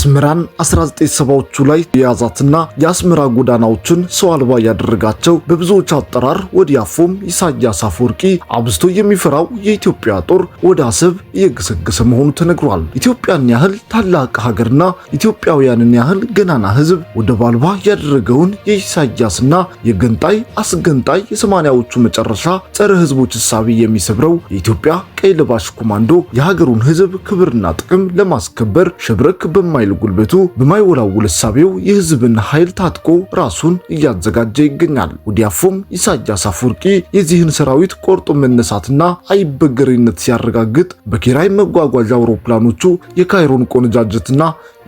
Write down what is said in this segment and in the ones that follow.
አስመራን 1970ዎቹ ላይ የያዛትና የአስመራ ጎዳናዎችን ሰው አልባ ያደረጋቸው በብዙዎች አጠራር ወዲያፎም ኢሳያስ አፈወርቂ አብዝቶ የሚፈራው የኢትዮጵያ ጦር ወደ አሰብ እየገሰገሰ መሆኑ ተነግሯል። ኢትዮጵያን ያህል ታላቅ ሀገርና ኢትዮጵያውያንን ያህል ገናና ሕዝብ ወደብ አልባ ያደረገውን የኢሳያስና የገንጣይ አስገንጣይ የሰማንያዎቹ መጨረሻ ጸረ ሕዝቦች እሳቤ የሚሰብረው የኢትዮጵያ ቀይ ለባሽ ኮማንዶ የሀገሩን ሕዝብ ክብርና ጥቅም ለማስከበር ሽብረክ በማይል ጉልበቱ በማይወላውል እሳቤው የሕዝብን ኃይል ታጥቆ ራሱን እያዘጋጀ ይገኛል። ወዲያፎም ኢሳያስ አፈወርቂ የዚህን ሰራዊት ቆርጦ መነሳትና አይበገሬነት ሲያረጋግጥ በኪራይ መጓጓዣ አውሮፕላኖቹ የካይሮን ቆነጃጀትና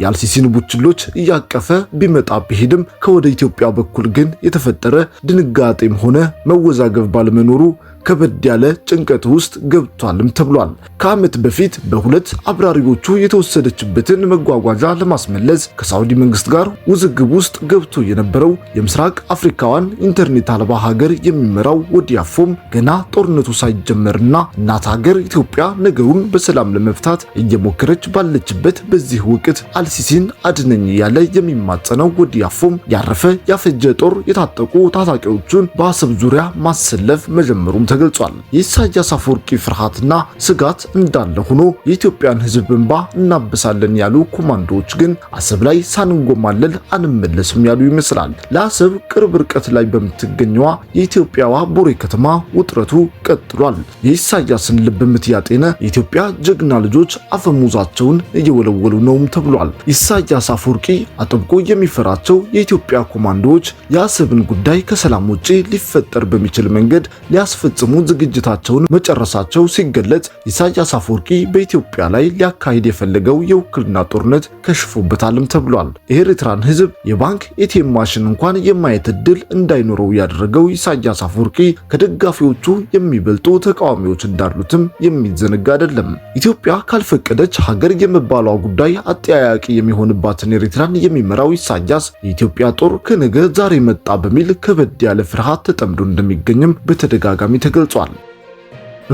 የአልሲሲን ቡችሎች እያቀፈ ቢመጣ ቢሄድም ከወደ ኢትዮጵያ በኩል ግን የተፈጠረ ድንጋጤም ሆነ መወዛገብ ባለመኖሩ ከበድ ያለ ጭንቀት ውስጥ ገብቷልም ተብሏል። ከዓመት በፊት በሁለት አብራሪዎቹ የተወሰደችበትን መጓጓዣ ለማስመለስ ከሳውዲ መንግስት ጋር ውዝግብ ውስጥ ገብቶ የነበረው የምስራቅ አፍሪካዋን ኢንተርኔት አልባ ሀገር የሚመራው ወዲያፎም ገና ጦርነቱ ሳይጀመርና እናት ሀገር ኢትዮጵያ ነገሩን በሰላም ለመፍታት እየሞከረች ባለችበት በዚህ ወቅት አል አልሲሲን አድነኝ እያለ የሚማጸነው ጉዲ አፎም ያረፈ ያፈጀ ጦር የታጠቁ ታጣቂዎቹን በአሰብ ዙሪያ ማሰለፍ መጀመሩም ተገልጿል። የኢሳያስ አፈወርቂ ፍርሃትና ስጋት እንዳለ ሆኖ የኢትዮጵያን ሕዝብ እንባ እናብሳለን ያሉ ኮማንዶዎች ግን አሰብ ላይ ሳንንጎማለል አንመለስም ያሉ ይመስላል። ለአሰብ ቅርብ ርቀት ላይ በምትገኘዋ የኢትዮጵያዋ ቦሬ ከተማ ውጥረቱ ቀጥሏል። የኢሳያስን ልብ ምት ያጤነ የኢትዮጵያ ጀግና ልጆች አፈሙዛቸውን እየወለወሉ ነውም ተብሏል። ኢሳያስ አፈወርቂ አጥብቆ የሚፈራቸው የኢትዮጵያ ኮማንዶዎች የአሰብን ጉዳይ ከሰላም ውጪ ሊፈጠር በሚችል መንገድ ሊያስፈጽሙ ዝግጅታቸውን መጨረሳቸው ሲገለጽ፣ ኢሳያስ አፈወርቂ በኢትዮጵያ ላይ ሊያካሂድ የፈለገው የውክልና ጦርነት ከሽፎበታልም ተብሏል። የኤርትራን ህዝብ የባንክ ኤቲኤም ማሽን እንኳን የማየት እድል እንዳይኖረው ያደረገው ኢሳያስ አፈወርቂ ከደጋፊዎቹ የሚበልጡ ተቃዋሚዎች እንዳሉትም የሚዘነጋ አይደለም። ኢትዮጵያ ካልፈቀደች ሀገር የመባሏ ጉዳይ አጠያያቂ ተጠያቂ የሚሆንባትን ኤርትራን የሚመራው ኢሳያስ የኢትዮጵያ ጦር ከነገ ዛሬ መጣ በሚል ከበድ ያለ ፍርሃት ተጠምዶ እንደሚገኝም በተደጋጋሚ ተገልጿል።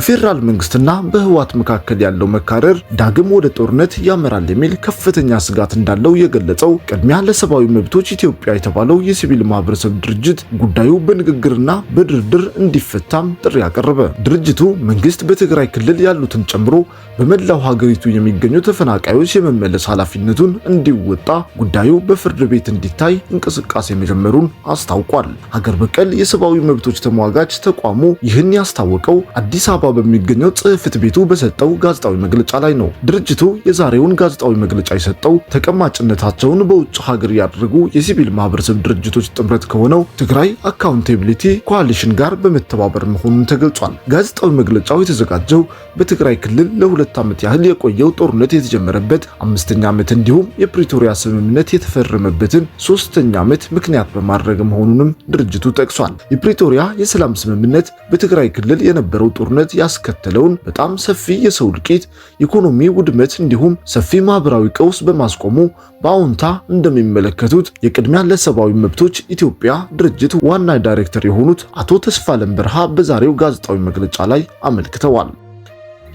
በፌዴራል መንግስትና በህወሓት መካከል ያለው መካረር ዳግም ወደ ጦርነት ያመራል የሚል ከፍተኛ ስጋት እንዳለው የገለጸው ቅድሚያ ለሰብአዊ መብቶች ኢትዮጵያ የተባለው የሲቪል ማህበረሰብ ድርጅት ጉዳዩ በንግግርና በድርድር እንዲፈታም ጥሪ አቀረበ። ድርጅቱ መንግስት በትግራይ ክልል ያሉትን ጨምሮ በመላው ሀገሪቱ የሚገኙ ተፈናቃዮች የመመለስ ኃላፊነቱን እንዲወጣ ጉዳዩ በፍርድ ቤት እንዲታይ እንቅስቃሴ መጀመሩን አስታውቋል። ሀገር በቀል የሰብአዊ መብቶች ተሟጋች ተቋሙ ይህን ያስታወቀው አዲስ አበባ አበባ በሚገኘው ጽሕፈት ቤቱ በሰጠው ጋዜጣዊ መግለጫ ላይ ነው። ድርጅቱ የዛሬውን ጋዜጣዊ መግለጫ የሰጠው ተቀማጭነታቸውን በውጭ ሀገር ያደረጉ የሲቪል ማህበረሰብ ድርጅቶች ጥምረት ከሆነው ትግራይ አካውንቴቢሊቲ ኮሊሽን ጋር በመተባበር መሆኑን ተገልጿል። ጋዜጣዊ መግለጫው የተዘጋጀው በትግራይ ክልል ለሁለት ዓመት ያህል የቆየው ጦርነት የተጀመረበት አምስተኛ ዓመት እንዲሁም የፕሪቶሪያ ስምምነት የተፈረመበትን ሶስተኛ ዓመት ምክንያት በማድረግ መሆኑንም ድርጅቱ ጠቅሷል። የፕሪቶሪያ የሰላም ስምምነት በትግራይ ክልል የነበረው ጦርነት ጦርነት ያስከተለውን በጣም ሰፊ የሰው እልቂት፣ ኢኮኖሚ ውድመት እንዲሁም ሰፊ ማህበራዊ ቀውስ በማስቆሙ በአዎንታ እንደሚመለከቱት የቅድሚያ ለሰብአዊ መብቶች ኢትዮጵያ ድርጅት ዋና ዳይሬክተር የሆኑት አቶ ተስፋለም በርሃ በዛሬው ጋዜጣዊ መግለጫ ላይ አመልክተዋል።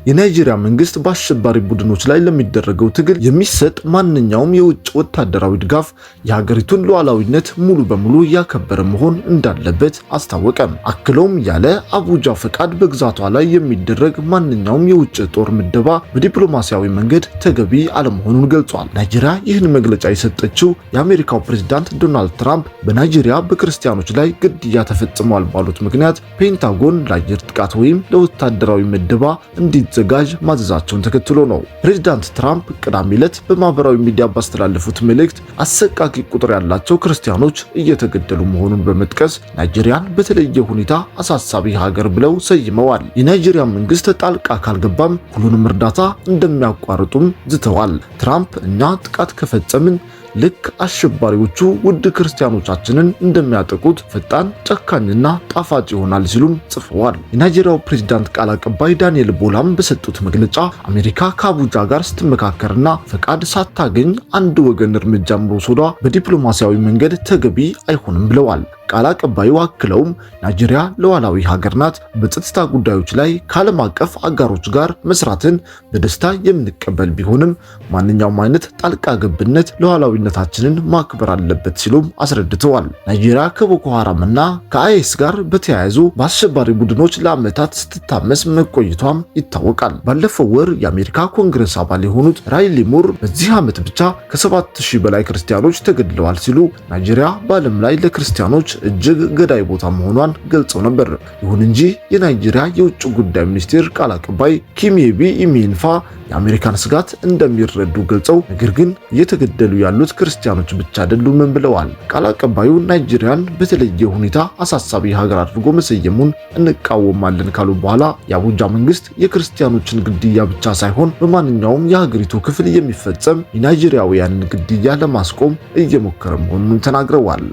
የናይጄሪያ መንግስት በአሸባሪ ቡድኖች ላይ ለሚደረገው ትግል የሚሰጥ ማንኛውም የውጭ ወታደራዊ ድጋፍ የሀገሪቱን ሉዓላዊነት ሙሉ በሙሉ ያከበረ መሆን እንዳለበት አስታወቀም። አክለውም ያለ አቡጃ ፈቃድ በግዛቷ ላይ የሚደረግ ማንኛውም የውጭ ጦር ምደባ በዲፕሎማሲያዊ መንገድ ተገቢ አለመሆኑን ገልጿል። ናይጄሪያ ይህን መግለጫ የሰጠችው የአሜሪካው ፕሬዝዳንት ዶናልድ ትራምፕ በናይጄሪያ በክርስቲያኖች ላይ ግድያ ተፈጽሟል ባሉት ምክንያት ፔንታጎን ለአየር ጥቃት ወይም ለወታደራዊ ምደባ እንዲ ዘጋጅ ማዘዛቸውን ተከትሎ ነው። ፕሬዚዳንት ትራምፕ ቅዳሜ ዕለት በማህበራዊ ሚዲያ ባስተላለፉት መልእክት አሰቃቂ ቁጥር ያላቸው ክርስቲያኖች እየተገደሉ መሆኑን በመጥቀስ ናይጄሪያን በተለየ ሁኔታ አሳሳቢ ሀገር ብለው ሰይመዋል። የናይጄሪያ መንግስት ጣልቃ ካልገባም ሁሉንም እርዳታ እንደሚያቋርጡም ዝተዋል። ትራምፕ እኛ ጥቃት ከፈጸምን ልክ አሸባሪዎቹ ውድ ክርስቲያኖቻችንን እንደሚያጠቁት ፈጣን፣ ጨካኝና ጣፋጭ ይሆናል ሲሉም ጽፈዋል። የናይጄሪያው ፕሬዚዳንት ቃል አቀባይ ዳንኤል ቦላም በሰጡት መግለጫ አሜሪካ ከአቡጃ ጋር ስትመካከርና ፈቃድ ሳታገኝ አንድ ወገን እርምጃ መውሰዷ በዲፕሎማሲያዊ መንገድ ተገቢ አይሆንም ብለዋል። ቃል አቀባዩ አክለውም ናይጄሪያ ሉዓላዊ ሀገር ናት፣ በጸጥታ ጉዳዮች ላይ ከዓለም አቀፍ አጋሮች ጋር መስራትን በደስታ የምንቀበል ቢሆንም ማንኛውም አይነት ጣልቃ ገብነት ሉዓላዊነታችንን ማክበር አለበት ሲሉም አስረድተዋል። ናይጄሪያ ከቦኮ ሐራምና ከአይኤስ ጋር በተያያዙ በአሸባሪ ቡድኖች ለዓመታት ስትታመስ መቆይቷም ይታወቃል። ባለፈው ወር የአሜሪካ ኮንግረስ አባል የሆኑት ራይሊ ሙር በዚህ ዓመት ብቻ ከ7000 በላይ ክርስቲያኖች ተገድለዋል ሲሉ ናይጄሪያ በዓለም ላይ ለክርስቲያኖች እጅግ ገዳይ ቦታ መሆኗን ገልጸው ነበር። ይሁን እንጂ የናይጄሪያ የውጭ ጉዳይ ሚኒስቴር ቃል አቀባይ ኪሚቢ ኢሚንፋ የአሜሪካን ስጋት እንደሚረዱ ገልጸው ነገር ግን እየተገደሉ ያሉት ክርስቲያኖች ብቻ አይደሉም ብለዋል። ቃል አቀባዩ ናይጄሪያን በተለየ ሁኔታ አሳሳቢ ሀገር አድርጎ መሰየሙን እንቃወማለን ካሉ በኋላ የአቡጃ መንግስት የክርስቲያኖችን ግድያ ብቻ ሳይሆን በማንኛውም የሀገሪቱ ክፍል የሚፈጸም የናይጄሪያውያንን ግድያ ለማስቆም እየሞከረ መሆኑን ተናግረዋል።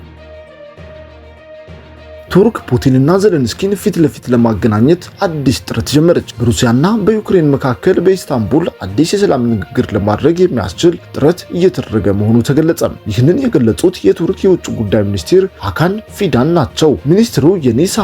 ቱርክ ፑቲንና ዘለንስኪን ፊት ለፊት ለማገናኘት አዲስ ጥረት ጀመረች። በሩሲያና በዩክሬን መካከል በኢስታንቡል አዲስ የሰላም ንግግር ለማድረግ የሚያስችል ጥረት እየተደረገ መሆኑ ተገለጸ። ይህንን የገለጹት የቱርክ የውጭ ጉዳይ ሚኒስትር ሀካን ፊዳን ናቸው። ሚኒስትሩ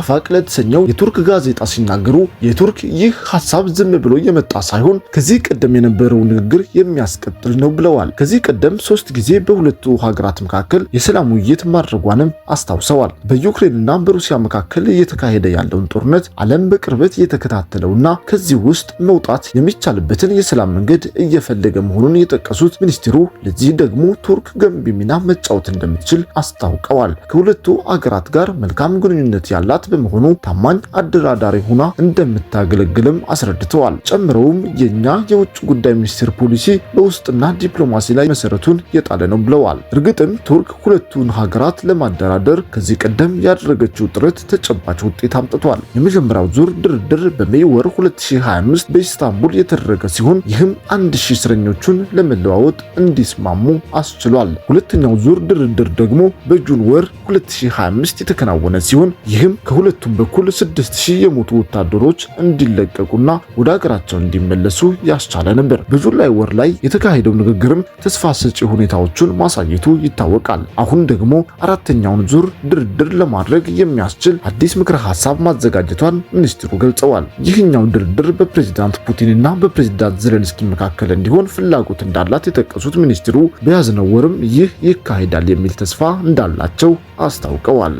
አፋቅ ለተሰኘው የቱርክ ጋዜጣ ሲናገሩ የቱርክ ይህ ሀሳብ ዝም ብሎ የመጣ ሳይሆን ከዚህ ቀደም የነበረው ንግግር የሚያስቀጥል ነው ብለዋል። ከዚህ ቀደም ሶስት ጊዜ በሁለቱ ሀገራት መካከል የሰላም ውይይት ማድረጓንም አስታውሰዋል። በዩክሬንና በሩሲያ መካከል እየተካሄደ ያለውን ጦርነት ዓለም በቅርበት እየተከታተለውና ከዚህ ውስጥ መውጣት የሚቻልበትን የሰላም መንገድ እየፈለገ መሆኑን የጠቀሱት ሚኒስትሩ ለዚህ ደግሞ ቱርክ ገንቢ ሚና መጫወት እንደምትችል አስታውቀዋል። ከሁለቱ አገራት ጋር መልካም ግንኙነት ያላት በመሆኑ ታማኝ አደራዳሪ ሆና እንደምታገለግልም አስረድተዋል። ጨምረውም የእኛ የውጭ ጉዳይ ሚኒስቴር ፖሊሲ በውስጥና ዲፕሎማሲ ላይ መሰረቱን የጣለ ነው ብለዋል። እርግጥም ቱርክ ሁለቱን ሀገራት ለማደራደር ከዚህ ቀደም ያደረገችው ያደረገችው ጥረት ተጨባጭ ውጤት አምጥቷል። የመጀመሪያው ዙር ድርድር በሜይ ወር 2025 በኢስታንቡል የተደረገ ሲሆን ይህም አንድ እስረኞቹን ለመለዋወጥ እንዲስማሙ አስችሏል። ሁለተኛው ዙር ድርድር ደግሞ በጁን ወር 2025 የተከናወነ ሲሆን ይህም ከሁለቱም በኩል 6000 የሞቱ ወታደሮች እንዲለቀቁና ወደ ሀገራቸው እንዲመለሱ ያስቻለ ነበር። በጁላይ ወር ላይ የተካሄደው ንግግርም ተስፋ ሰጪ ሁኔታዎቹን ማሳየቱ ይታወቃል። አሁን ደግሞ አራተኛውን ዙር ድርድር ለማድረግ የሚ የሚያስችል አዲስ ምክረ ሀሳብ ማዘጋጀቷን ሚኒስትሩ ገልጸዋል። ይህኛው ድርድር በፕሬዚዳንት ፑቲንና በፕሬዚዳንት ዜሌንስኪ መካከል እንዲሆን ፍላጎት እንዳላት የጠቀሱት ሚኒስትሩ በያዝነው ወርም ይህ ይካሄዳል የሚል ተስፋ እንዳላቸው አስታውቀዋል።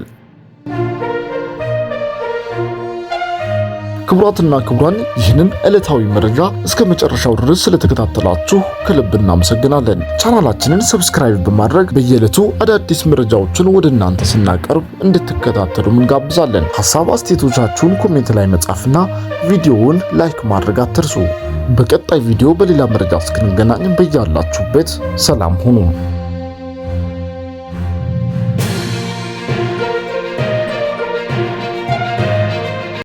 ክቡራትና ክቡራን ይህንን ዕለታዊ መረጃ እስከ መጨረሻው ድረስ ስለተከታተላችሁ ከልብ እናመሰግናለን። ቻናላችንን ሰብስክራይብ በማድረግ በየዕለቱ አዳዲስ መረጃዎችን ወደ እናንተ ስናቀርብ እንድትከታተሉም እንጋብዛለን። ሀሳብ አስተያየቶቻችሁን ኮሜንት ላይ መጻፍና ቪዲዮውን ላይክ ማድረግ አትርሱ። በቀጣይ ቪዲዮ በሌላ መረጃ እስክንገናኝ በያላችሁበት ሰላም ሁኑ።